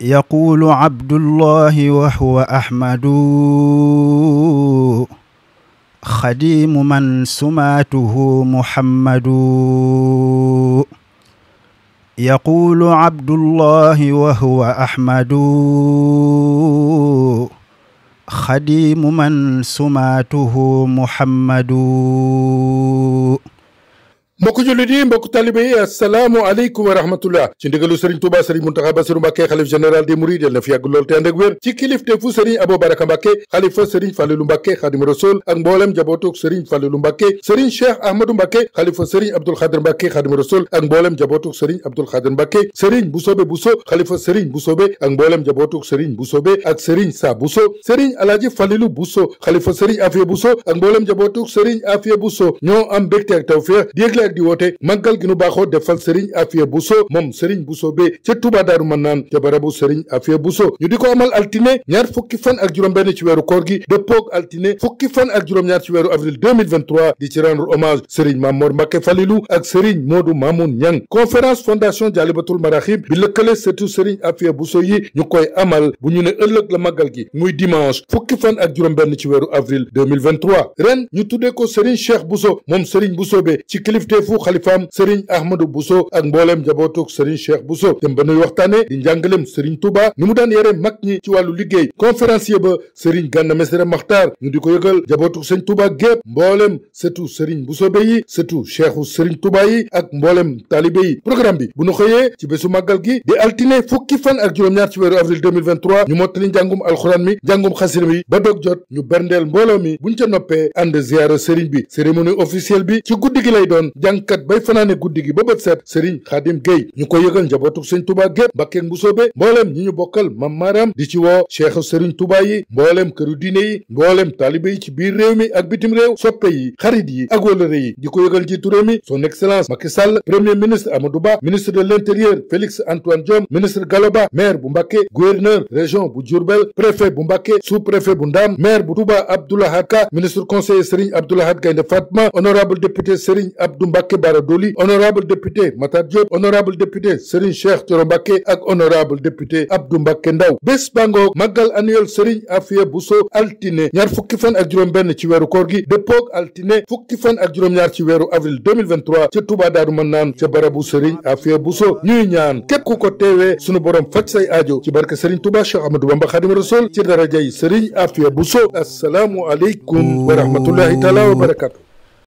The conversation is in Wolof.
يقول عبد الله وهو أحمد خديم من سماته محمد يقول عبد الله وهو أحمد خديم من سماته محمد mbokku jullit yi mbokku talibe yi asalaamu aleykum wa ci ndigalu sëriñ Tuuba sëriñ Muntaxa Basiru Mbàkke xalif général des mourides yal na fi yàgg lool ak wér ci kilifteefu sëriñ Abo Baraka Mbàkke xalifa sëriñ Fàlilu Mbàkke Xaadimu Rasuul ak mboolem jabootuk sëriñ Fàlilu Mbàkke sëriñ Cheikh Ahmadou Mbàkke xalifa sëriñ Abdul Xaadir Mbàkke Xaadimu Rasuul ak mboolem jabootuk sëriñ Abdul Xaadir Mbàkke sëriñ Busobe Buso xalifa sëriñ Busobe ak mboolem jabootuk sëriñ Busobe ak sëriñ Sa Buso sëriñ Alaaji Fàlilu Buso xalifa sëriñ Afiya Buso ak mboolem jabootuk sëriñ Afiya Buso ñoo am mbégte daal di woote màggal gi nu baaxoo defal Serigne Afia Bousso moom Serigne Bousso be ca Touba Daaru Manaan ca barabu Serigne Afia Bousso ñu di ko amal altine ñaar fukki fan ak juróom benn ci weeru koor gi dëppoog altine fukki fan ak juróom ñaar ci weeru avril 2023 di ci rendre hommage Serigne Mamor Mbacke Falilou ak Serigne Modou Mamoun Niang conférence fondation Jalibatul Marahib bi lëkkale surtout Serigne Afia Bousso yi ñu koy amal bu ñu ne ëllëg la maggal gi muy dimanche fukki fan ak juróom benn ci weeru avril 2023 ren ñu tuddee kilifteefu xalifaam Serigne Ahmadou Bousso ak mbooleem njabootug Serigne Cheikh Bousso dem ba nuy waxtaane di njàngaleem Serigne Touba ni mu daan yare mag ñi ci wàllu liggéey conférencier ba Serigne Gana Messere Maxtaar ñu di ko yëgal njabootug Serigne Touba gépp mbooleem sëtu Serigne Bousso be yi sëtu Cheikhu Serigne Touba yi ak mbooleem taalibe yi programme bi bu nu xëyee ci bésu màggal gi di altine fukki fan ak juróom-ñaar ci weeru avril 2023 ñu mottali njàngum alxuraan mi njàngum xasir mi ba dog jot ñu berndeel mbooloo mi buñ ca noppee ànd ziyaara Serigne bi cérémonie officielle bi ci guddi jàngkat bay fanaane guddi gi ba bët set Serigne Khadim Gueye ñu ko yëgal njabootuk Serigne Touba gépp Mbàkke Mbusoobe mboolem ñi ñu bokkal Mam Maram di ci woo Cheikh Serigne Touba yi mboolem këru diine yi mboolem taalibe yi ci biir réew mi ak bitim réew soppe yi xarit yi ak wóllëre yi di ko yëgal njiitu réew mi son excellence Macky premier ministre Amadou Ba ministre de l'intérieur Félix Antoine Diome ministre Gallo Ba maire bu Mbàkke gouverneur région bu Diourbel préfet bu Mbàkke Mbacke Bara Dolly honorable député Matar Diop honorable député Serigne Cheikh Thioro Mbacke ak honorable député Abdou Mbacke Ndaw bés bangoog màggal annuel Serigne Afia Bousso altine ñaar fukki fan ak juróom ci weeru koor gi dëppoog altine fukki fan ak juróom-ñaar ci weeru avril 2023 ca Touba Daaru Mannaan ca barabu Serigne Afia Bousso ñu ñaan képp ku ko teewee sunu borom faj say aajo ci barke Serigne Touba Cheikh Amadou Bamba Khadim Rasoul ci darajay Serigne Afia Bousso asalaamu aleykum wa rahmatullahi taala